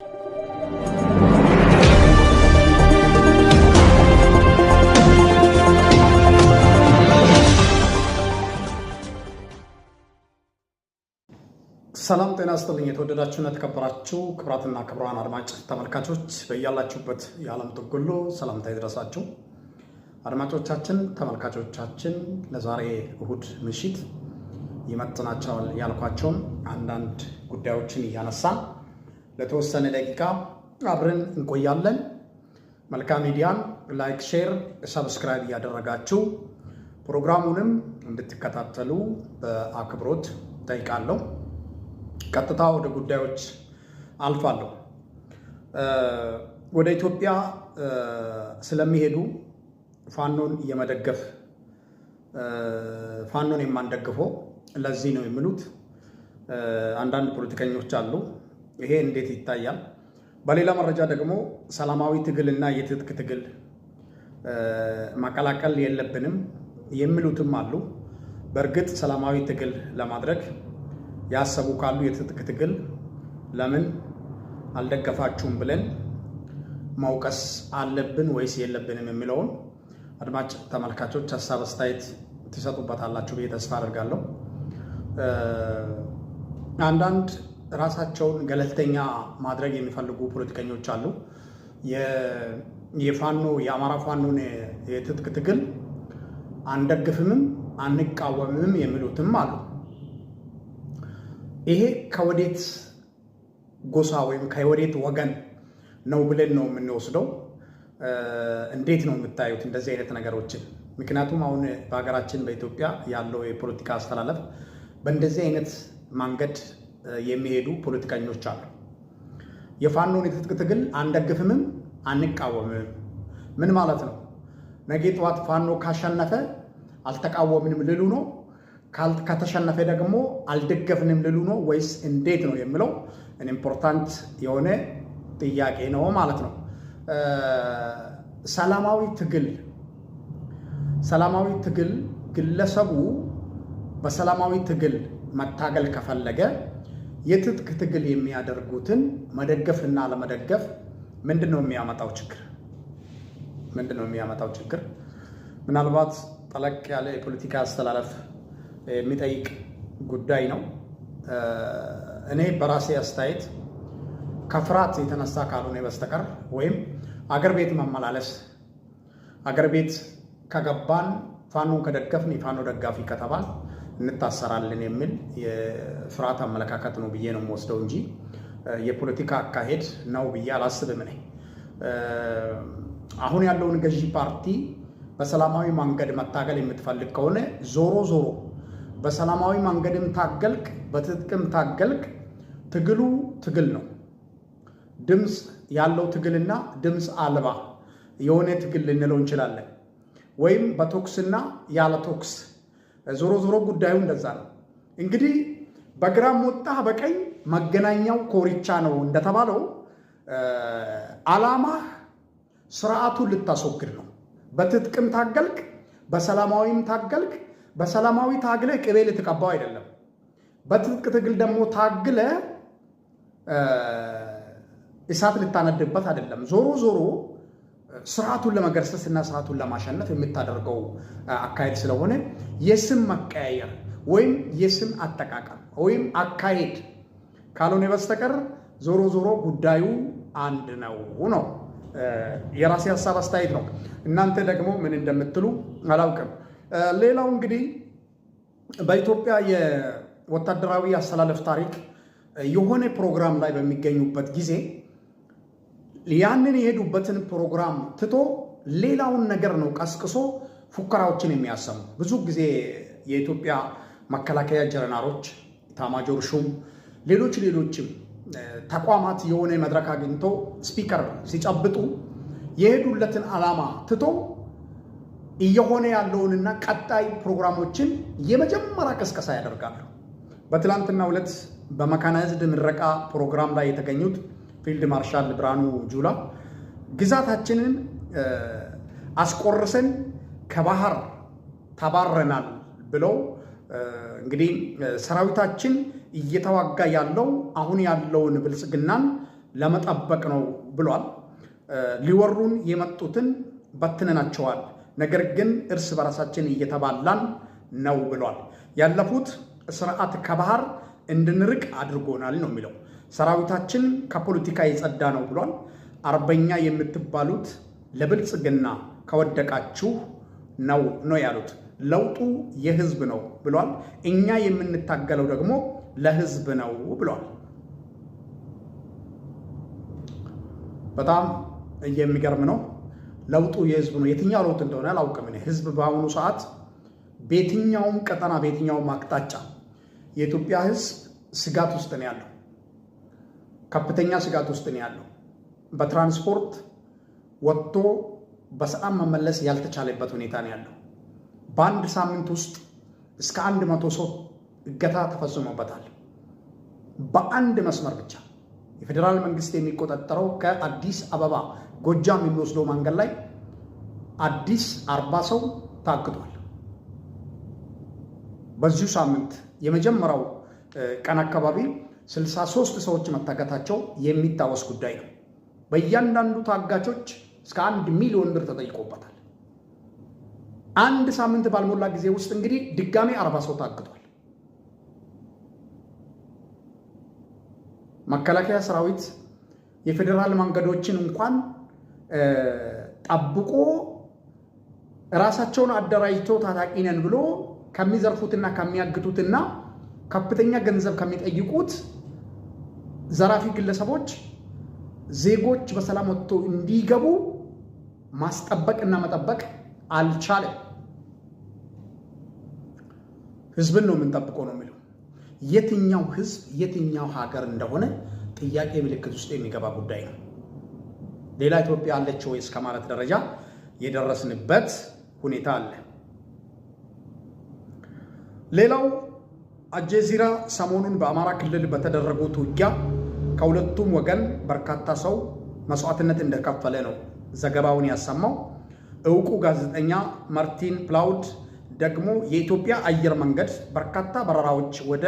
ሰላም ጤና ስጥልኝ። የተወደዳችሁና የተከበራችሁ ክብራትና ክብራን አድማጭ ተመልካቾች በያላችሁበት የዓለም ጥግ ሰላምታ ይድረሳችሁ። አድማጮቻችን፣ ተመልካቾቻችን ለዛሬ እሁድ ምሽት ይመጥናቸዋል ያልኳቸውን አንዳንድ ጉዳዮችን እያነሳን ለተወሰነ ደቂቃ አብረን እንቆያለን። መልካም ሚዲያን ላይክ፣ ሼር፣ ሰብስክራይብ እያደረጋችሁ ፕሮግራሙንም እንድትከታተሉ በአክብሮት ጠይቃለሁ። ቀጥታ ወደ ጉዳዮች አልፋለሁ። ወደ ኢትዮጵያ ስለሚሄዱ ፋኖን የመደገፍ ፋኖን የማንደግፈው ለዚህ ነው የሚሉት አንዳንድ ፖለቲከኞች አሉ። ይሄ እንዴት ይታያል? በሌላ መረጃ ደግሞ ሰላማዊ ትግልና የትጥቅ ትግል ማቀላቀል የለብንም የሚሉትም አሉ። በእርግጥ ሰላማዊ ትግል ለማድረግ ያሰቡ ካሉ የትጥቅ ትግል ለምን አልደገፋችሁም ብለን መውቀስ አለብን ወይስ የለብንም የሚለውን አድማጭ ተመልካቾች ሀሳብ አስተያየት ትሰጡበታላችሁ ብዬ ተስፋ አድርጋለሁ። አንዳንድ ራሳቸውን ገለልተኛ ማድረግ የሚፈልጉ ፖለቲከኞች አሉ። የፋኖ የአማራ ፋኖን የትጥቅ ትግል አንደግፍምም አንቃወምም የሚሉትም አሉ። ይሄ ከወዴት ጎሳ ወይም ከወዴት ወገን ነው ብለን ነው የምንወስደው? እንዴት ነው የምታዩት እንደዚህ አይነት ነገሮችን? ምክንያቱም አሁን በሀገራችን በኢትዮጵያ ያለው የፖለቲካ አስተላለፍ በእንደዚህ አይነት መንገድ የሚሄዱ ፖለቲከኞች አሉ። የፋኖን የትጥቅ ትግል አንደግፍምም አንቃወምም። ምን ማለት ነው? ነገ ጠዋት ፋኖ ካሸነፈ አልተቃወምንም ልሉ ነው? ከተሸነፈ ደግሞ አልደገፍንም ልሉ ነው? ወይስ እንዴት ነው የሚለው ኢምፖርታንት የሆነ ጥያቄ ነው ማለት ነው። ሰላማዊ ትግል ሰላማዊ ትግል ግለሰቡ በሰላማዊ ትግል መታገል ከፈለገ የትጥቅ ትግል የሚያደርጉትን መደገፍና ለመደገፍ ምንድን ነው የሚያመጣው ችግር? ምንድን ነው የሚያመጣው ችግር? ምናልባት ጠለቅ ያለ የፖለቲካ አስተላለፍ የሚጠይቅ ጉዳይ ነው። እኔ በራሴ አስተያየት ከፍርሃት የተነሳ ካልሆነ በስተቀር ወይም አገር ቤት መመላለስ አገር ቤት ከገባን ፋኖን ከደገፍን የፋኖ ደጋፊ ከተባል እንታሰራለን የሚል የፍርሃት አመለካከት ነው ብዬ ነው የምወስደው እንጂ የፖለቲካ አካሄድ ነው ብዬ አላስብም። እኔ አሁን ያለውን ገዢ ፓርቲ በሰላማዊ መንገድ መታገል የምትፈልግ ከሆነ ዞሮ ዞሮ በሰላማዊ መንገድም ታገልክ፣ በትጥቅም ታገልክ፣ ትግሉ ትግል ነው። ድምፅ ያለው ትግልና ድምፅ አልባ የሆነ ትግል ልንለው እንችላለን። ወይም በቶክስና ያለ ቶክስ ዞሮ ዞሮ ጉዳዩ እንደዛ ነው። እንግዲህ በግራም ወጣ በቀኝ መገናኛው ኮሪቻ ነው እንደተባለው አላማ ስርዓቱን ልታስወግድ ነው። በትጥቅም ታገልክ፣ በሰላማዊም ታገልክ። በሰላማዊ ታግለ ቅቤ ልትቀባው አይደለም። በትጥቅ ትግል ደግሞ ታግለ እሳት ልታነድበት አይደለም። ዞሮ ዞሮ ስርዓቱን ለመገርሰስ እና ስርዓቱን ለማሸነፍ የምታደርገው አካሄድ ስለሆነ የስም መቀያየር ወይም የስም አጠቃቀም ወይም አካሄድ ካልሆነ በስተቀር ዞሮ ዞሮ ጉዳዩ አንድ ነው ነው። የራሴ ሀሳብ አስተያየት ነው። እናንተ ደግሞ ምን እንደምትሉ አላውቅም። ሌላው እንግዲህ በኢትዮጵያ የወታደራዊ አሰላለፍ ታሪክ የሆነ ፕሮግራም ላይ በሚገኙበት ጊዜ ያንን የሄዱበትን ፕሮግራም ትቶ ሌላውን ነገር ነው ቀስቅሶ ፉከራዎችን የሚያሰሙ። ብዙ ጊዜ የኢትዮጵያ መከላከያ ጀነራሎች፣ ታማጆር ሹም፣ ሌሎች ሌሎችም ተቋማት የሆነ መድረክ አግኝቶ ስፒከር ሲጨብጡ የሄዱለትን ዓላማ ትቶ እየሆነ ያለውንና ቀጣይ ፕሮግራሞችን የመጀመሪያ ቅስቀሳ ያደርጋሉ። በትላንትና ዕለት በመካናይዝድ ምረቃ ፕሮግራም ላይ የተገኙት ፊልድ ማርሻል ብርሃኑ ጁላ ግዛታችንን አስቆርሰን ከባህር ተባረናል ብለው እንግዲህ ሰራዊታችን እየተዋጋ ያለው አሁን ያለውን ብልጽግናን ለመጠበቅ ነው ብሏል። ሊወሩን የመጡትን በትነናቸዋል፣ ነገር ግን እርስ በራሳችን እየተባላን ነው ብሏል። ያለፉት ስርዓት ከባህር እንድንርቅ አድርጎናል ነው የሚለው ሰራዊታችን ከፖለቲካ የጸዳ ነው ብሏል። አርበኛ የምትባሉት ለብልጽግና ከወደቃችሁ ነው ነው ያሉት። ለውጡ የህዝብ ነው ብሏል። እኛ የምንታገለው ደግሞ ለህዝብ ነው ብሏል። በጣም የሚገርም ነው። ለውጡ የህዝብ ነው። የትኛው ለውጥ እንደሆነ አላውቅም። ህዝብ በአሁኑ ሰዓት በየትኛውም ቀጠና በየትኛውም አቅጣጫ የኢትዮጵያ ህዝብ ስጋት ውስጥ ነው ያለው። ከፍተኛ ስጋት ውስጥ ነው ያለው። በትራንስፖርት ወጥቶ በሰዓት መመለስ ያልተቻለበት ሁኔታ ነው ያለው። በአንድ ሳምንት ውስጥ እስከ አንድ መቶ ሰው እገታ ተፈጽሞበታል። በአንድ መስመር ብቻ የፌዴራል መንግስት የሚቆጣጠረው ከአዲስ አበባ ጎጃም የሚወስደው መንገድ ላይ አዲስ አርባ ሰው ታግቷል። በዚሁ ሳምንት የመጀመሪያው ቀን አካባቢ 63 ሰዎች መታገታቸው የሚታወስ ጉዳይ ነው። በእያንዳንዱ ታጋቾች እስከ አንድ ሚሊዮን ብር ተጠይቆበታል። አንድ ሳምንት ባልሞላ ጊዜ ውስጥ እንግዲህ ድጋሜ አርባ ሰው ታግቷል። መከላከያ ሰራዊት የፌዴራል መንገዶችን እንኳን ጠብቆ ራሳቸውን አደራጅቶ ታጣቂ ነን ብሎ ከሚዘርፉትና ከሚያግቱትና ከፍተኛ ገንዘብ ከሚጠይቁት ዘራፊ ግለሰቦች ዜጎች በሰላም ወጥቶ እንዲገቡ ማስጠበቅና መጠበቅ አልቻለም። ህዝብን ነው የምንጠብቀው ነው የሚለው። የትኛው ህዝብ የትኛው ሀገር እንደሆነ ጥያቄ ምልክት ውስጥ የሚገባ ጉዳይ ነው። ሌላ ኢትዮጵያ አለች ወይ እስከ ማለት ደረጃ የደረስንበት ሁኔታ አለ። ሌላው አልጀዚራ ሰሞኑን በአማራ ክልል በተደረጉት ውጊያ ከሁለቱም ወገን በርካታ ሰው መስዋዕትነት እንደከፈለ ነው ዘገባውን ያሰማው። እውቁ ጋዜጠኛ ማርቲን ፕላውድ ደግሞ የኢትዮጵያ አየር መንገድ በርካታ በረራዎች ወደ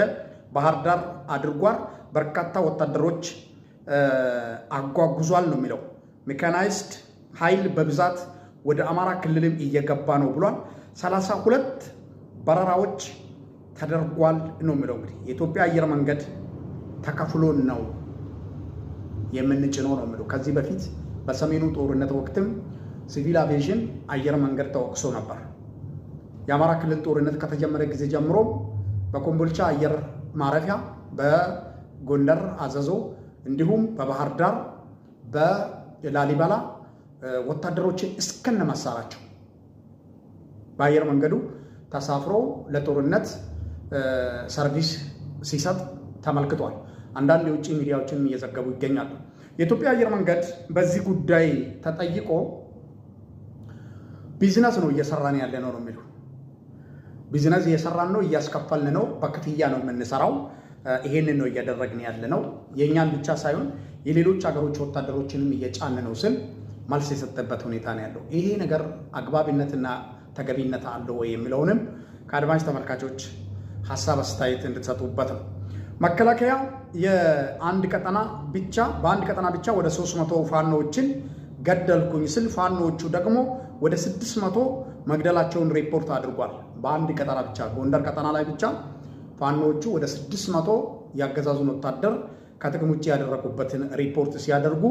ባህር ዳር አድርጓል፣ በርካታ ወታደሮች አጓጉዟል ነው የሚለው። ሜካናይዝድ ኃይል በብዛት ወደ አማራ ክልልም እየገባ ነው ብሏል። ሰላሳ ሁለት በረራዎች ተደርጓል ነው የሚለው። እንግዲህ የኢትዮጵያ አየር መንገድ ተከፍሎ ነው የምንጭነው ነው የሚለው። ከዚህ በፊት በሰሜኑ ጦርነት ወቅትም ሲቪል አቪዬሽን አየር መንገድ ተወቅሶ ነበር። የአማራ ክልል ጦርነት ከተጀመረ ጊዜ ጀምሮ በኮምቦልቻ አየር ማረፊያ፣ በጎንደር አዘዞ፣ እንዲሁም በባህር ዳር በላሊበላ ወታደሮችን እስከነ መሳሪያቸው በአየር መንገዱ ተሳፍሮ ለጦርነት ሰርቪስ ሲሰጥ ተመልክቷል። አንዳንድ የውጭ ሚዲያዎችም እየዘገቡ ይገኛሉ። የኢትዮጵያ አየር መንገድ በዚህ ጉዳይ ተጠይቆ ቢዝነስ ነው እየሰራን ያለ ነው ነው የሚሉ ቢዝነስ እየሰራን ነው፣ እያስከፈልን ነው፣ በክፍያ ነው የምንሰራው፣ ይሄንን ነው እያደረግን ያለ ነው፣ የእኛን ብቻ ሳይሆን የሌሎች ሀገሮች ወታደሮችንም እየጫን ነው ስል መልስ የሰጠበት ሁኔታ ነው ያለው። ይሄ ነገር አግባቢነትና ተገቢነት አለው ወይ የሚለውንም ከአድማጭ ተመልካቾች ሀሳብ አስተያየት እንድትሰጡበት ነው መከላከያ የአንድ ቀጠና ብቻ በአንድ ቀጠና ብቻ ወደ 300 ፋኖዎችን ገደልኩኝ ስል ፋኖዎቹ ደግሞ ወደ 600 መግደላቸውን ሪፖርት አድርጓል። በአንድ ቀጠና ብቻ ጎንደር ቀጠና ላይ ብቻ ፋኖዎቹ ወደ 600 ያገዛዙን ወታደር ከጥቅም ውጭ ያደረጉበትን ሪፖርት ሲያደርጉ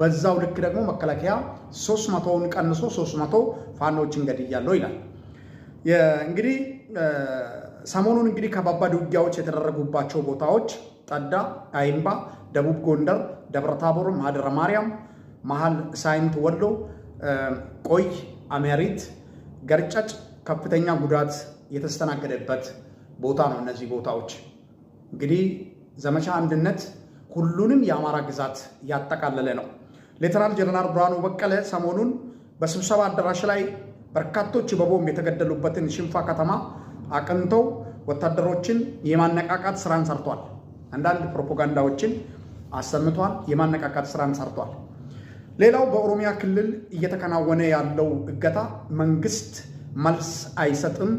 በዛው ልክ ደግሞ መከላከያ 300ውን ቀንሶ 300 ፋኖዎችን ገድያለሁ ይላል። እንግዲህ ሰሞኑን እንግዲህ ከባባድ ውጊያዎች የተደረጉባቸው ቦታዎች ጠዳ፣ አይምባ፣ ደቡብ ጎንደር፣ ደብረታቦር፣ ማደረ ማርያም፣ መሀል ሳይንት ወሎ፣ ቆይ አሜሪት፣ ገርጨጭ ከፍተኛ ጉዳት የተስተናገደበት ቦታ ነው። እነዚህ ቦታዎች እንግዲህ ዘመቻ አንድነት ሁሉንም የአማራ ግዛት ያጠቃለለ ነው። ሌተናል ጀነራል ብርሃኑ በቀለ ሰሞኑን በስብሰባ አዳራሽ ላይ በርካቶች በቦምብ የተገደሉበትን ሽንፋ ከተማ አቅንተው ወታደሮችን የማነቃቃት ስራን ሰርቷል። አንዳንድ ፕሮፓጋንዳዎችን አሰምቷል። የማነቃቃት ስራን ሰርቷል። ሌላው በኦሮሚያ ክልል እየተከናወነ ያለው እገታ መንግስት መልስ አይሰጥም፣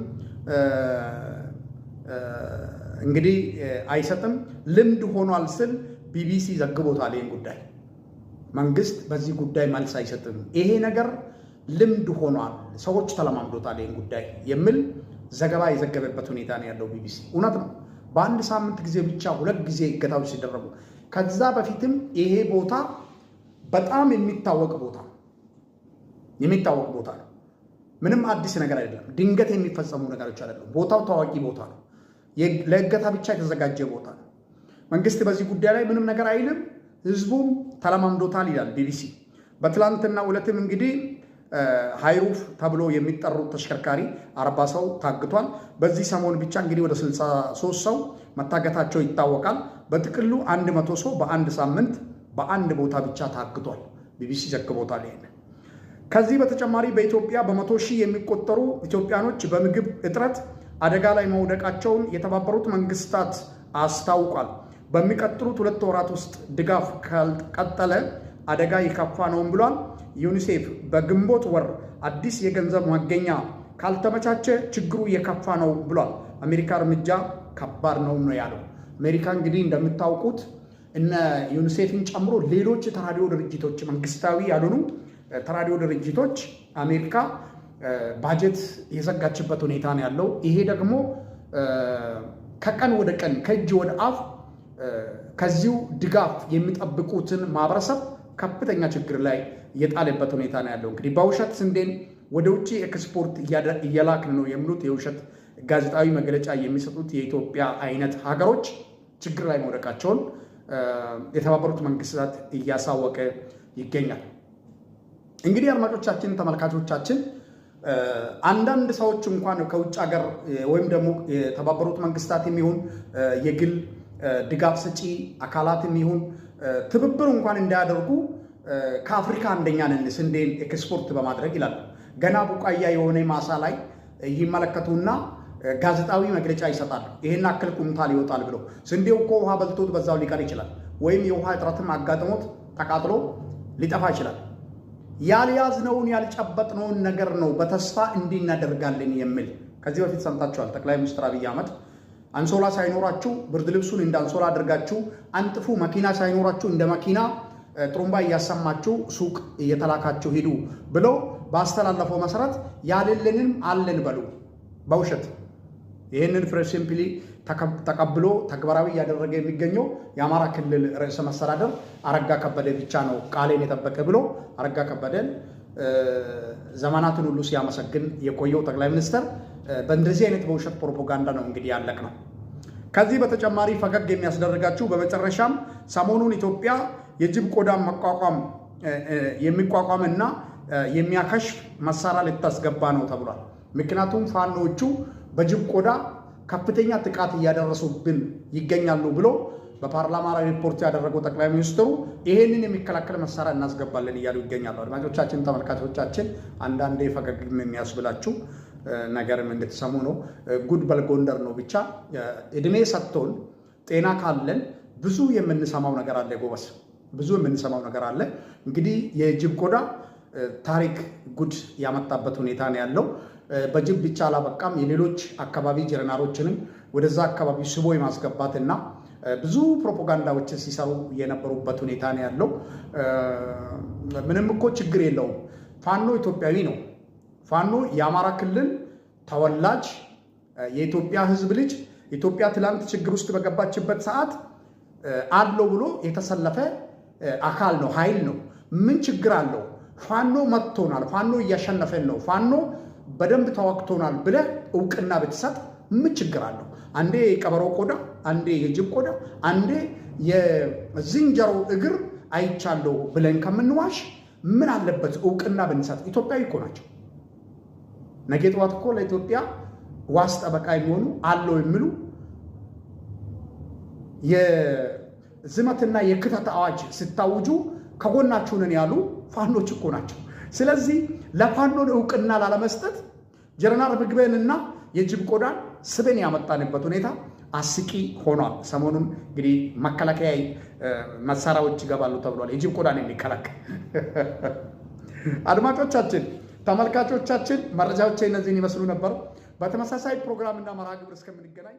እንግዲህ አይሰጥም ልምድ ሆኗል ስል ቢቢሲ ዘግቦታል። ይህን ጉዳይ መንግስት በዚህ ጉዳይ መልስ አይሰጥም፣ ይሄ ነገር ልምድ ሆኗል፣ ሰዎች ተለማምዶታል ይህን ጉዳይ የሚል ዘገባ የዘገበበት ሁኔታ ነው ያለው ቢቢሲ። እውነት ነው። በአንድ ሳምንት ጊዜ ብቻ ሁለት ጊዜ እገታዎች ሲደረጉ ከዛ በፊትም ይሄ ቦታ በጣም የሚታወቅ ቦታ የሚታወቅ ቦታ ነው። ምንም አዲስ ነገር አይደለም። ድንገት የሚፈጸሙ ነገሮች አይደለም። ቦታው ታዋቂ ቦታ ነው። ለእገታ ብቻ የተዘጋጀ ቦታ ነው። መንግስት በዚህ ጉዳይ ላይ ምንም ነገር አይልም። ህዝቡም ተለማምዶታል ይላል ቢቢሲ። በትላንትና ዕለትም እንግዲህ ሃይሩፍ ተብሎ የሚጠሩት ተሽከርካሪ አርባ ሰው ታግቷል። በዚህ ሰሞን ብቻ እንግዲህ ወደ 63 ሰው መታገታቸው ይታወቃል። በጥቅሉ 100 ሰው በአንድ ሳምንት በአንድ ቦታ ብቻ ታግቷል። ቢቢሲ ዘግቦታል። ይሄን ከዚህ በተጨማሪ በኢትዮጵያ በመቶ ሺህ የሚቆጠሩ ኢትዮጵያኖች በምግብ እጥረት አደጋ ላይ መውደቃቸውን የተባበሩት መንግስታት አስታውቋል። በሚቀጥሉት ሁለት ወራት ውስጥ ድጋፍ ካልቀጠለ አደጋ ይከፋ ነውም ብሏል። ዩኒሴፍ በግንቦት ወር አዲስ የገንዘብ ማገኛ ካልተመቻቸ ችግሩ የከፋ ነው ብሏል። አሜሪካ እርምጃ ከባድ ነው ነው ያለው። አሜሪካ እንግዲህ እንደምታውቁት እነ ዩኒሴፍን ጨምሮ ሌሎች ተራዲዮ ድርጅቶች፣ መንግስታዊ ያልሆኑ ተራዲዮ ድርጅቶች አሜሪካ ባጀት የዘጋችበት ሁኔታ ነው ያለው። ይሄ ደግሞ ከቀን ወደ ቀን ከእጅ ወደ አፍ ከዚሁ ድጋፍ የሚጠብቁትን ማህበረሰብ ከፍተኛ ችግር ላይ የጣለበት ሁኔታ ነው ያለው። እንግዲህ በውሸት ስንዴን ወደ ውጭ ኤክስፖርት እየላክን ነው የሚሉት የውሸት ጋዜጣዊ መግለጫ የሚሰጡት የኢትዮጵያ አይነት ሀገሮች ችግር ላይ መውደቃቸውን የተባበሩት መንግስታት እያሳወቀ ይገኛል። እንግዲህ አድማጮቻችን፣ ተመልካቾቻችን አንዳንድ ሰዎች እንኳን ከውጭ ሀገር ወይም ደግሞ የተባበሩት መንግስታት የሚሆን የግል ድጋፍ ሰጪ አካላት የሚሆን ትብብር እንኳን እንዳያደርጉ ከአፍሪካ አንደኛ ነን ስንዴን ኤክስፖርት በማድረግ ይላሉ። ገና ቡቃያ የሆነ ማሳ ላይ ይመለከቱና ጋዜጣዊ መግለጫ ይሰጣል። ይሄን አክል ኩንታል ይወጣል ብሎ ስንዴው እኮ ውሃ በልቶት በዛው ሊቀር ይችላል፣ ወይም የውሃ እጥረትም አጋጥሞት ተቃጥሎ ሊጠፋ ይችላል። ያልያዝነውን ያልጨበጥነውን ነገር ነው በተስፋ እንዲናደርጋልን የሚል ከዚህ በፊት ሰምታችኋል። ጠቅላይ ሚኒስትር አብይ አህመድ አንሶላ ሳይኖራችሁ ብርድ ልብሱን እንደ አንሶላ አድርጋችሁ አንጥፉ፣ መኪና ሳይኖራችሁ እንደ መኪና ጥሩምባ እያሰማችሁ ሱቅ እየተላካችሁ ሂዱ ብሎ ባስተላለፈው መሰረት ያልልንም አለን በሉ በውሸት ይህንን ፍሬ ሲምፕሊ ተቀብሎ ተግባራዊ እያደረገ የሚገኘው የአማራ ክልል ርዕሰ መስተዳደር አረጋ ከበደ ብቻ ነው። ቃሌን የጠበቀ ብሎ አረጋ ከበደን ዘመናትን ሁሉ ሲያመሰግን የቆየው ጠቅላይ ሚኒስትር በእንደዚህ አይነት በውሸት ፕሮፓጋንዳ ነው እንግዲህ ያለቅ ነው። ከዚህ በተጨማሪ ፈገግ የሚያስደርጋችሁ በመጨረሻም ሰሞኑን ኢትዮጵያ የጅብ ቆዳ መቋቋም የሚቋቋም እና የሚያከሽፍ መሳሪያ ልታስገባ ነው ተብሏል። ምክንያቱም ፋኖቹ በጅብ ቆዳ ከፍተኛ ጥቃት እያደረሱብን ይገኛሉ ብሎ በፓርላማ ላይ ሪፖርት ያደረገው ጠቅላይ ሚኒስትሩ ይሄንን የሚከላከል መሳሪያ እናስገባለን እያሉ ይገኛሉ። አድማጮቻችን፣ ተመልካቾቻችን አንዳንዴ ፈገግም የሚያስብላችሁ ነገርም እንድትሰሙ ነው። ጉድ በልጎንደር ነው። ብቻ እድሜ ሰጥቶን ጤና ካለን ብዙ የምንሰማው ነገር አለ ጎበስ ብዙ የምንሰማው ነገር አለ። እንግዲህ የጅብ ቆዳ ታሪክ ጉድ ያመጣበት ሁኔታ ነው ያለው። በጅብ ብቻ አላበቃም። የሌሎች አካባቢ ጀነራሎችንም ወደዛ አካባቢ ስቦ የማስገባት እና ብዙ ፕሮፓጋንዳዎችን ሲሰሩ የነበሩበት ሁኔታ ነው ያለው። ምንም እኮ ችግር የለውም። ፋኖ ኢትዮጵያዊ ነው። ፋኖ የአማራ ክልል ተወላጅ የኢትዮጵያ ሕዝብ ልጅ ኢትዮጵያ ትላንት ችግር ውስጥ በገባችበት ሰዓት አለው ብሎ የተሰለፈ አካል ነው፣ ኃይል ነው። ምን ችግር አለው? ፋኖ መጥቶናል፣ ፋኖ እያሸነፈን ነው፣ ፋኖ በደንብ ተዋግቶናል ብለህ እውቅና ብትሰጥ ምን ችግር አለው? አንዴ የቀበሮ ቆዳ፣ አንዴ የጅብ ቆዳ፣ አንዴ የዝንጀሮ እግር አይቻለሁ ብለን ከምንዋሽ ምን አለበት እውቅና ብንሰጥ? ኢትዮጵያዊ እኮ ናቸው። ነገ ጠዋት እኮ ለኢትዮጵያ ዋስ ጠበቃ የሚሆኑ አለው የሚሉ ዝመትና የክተት አዋጅ ስታውጁ ከጎናችሁ ነን ያሉ ፋኖች እኮ ናቸው። ስለዚህ ለፋኖን እውቅና ላለመስጠት ጀነራል ምግበንና የጅብ ቆዳን ስብን ያመጣንበት ሁኔታ አስቂ ሆኗል። ሰሞኑን እንግዲህ መከላከያ መሳሪያዎች ይገባሉ ተብሏል። የጅብ ቆዳን የሚከላከል አድማጮቻችን፣ ተመልካቾቻችን መረጃዎች እነዚህን ይመስሉ ነበር። በተመሳሳይ ፕሮግራምና መርሃ ግብር እስከምንገናኝ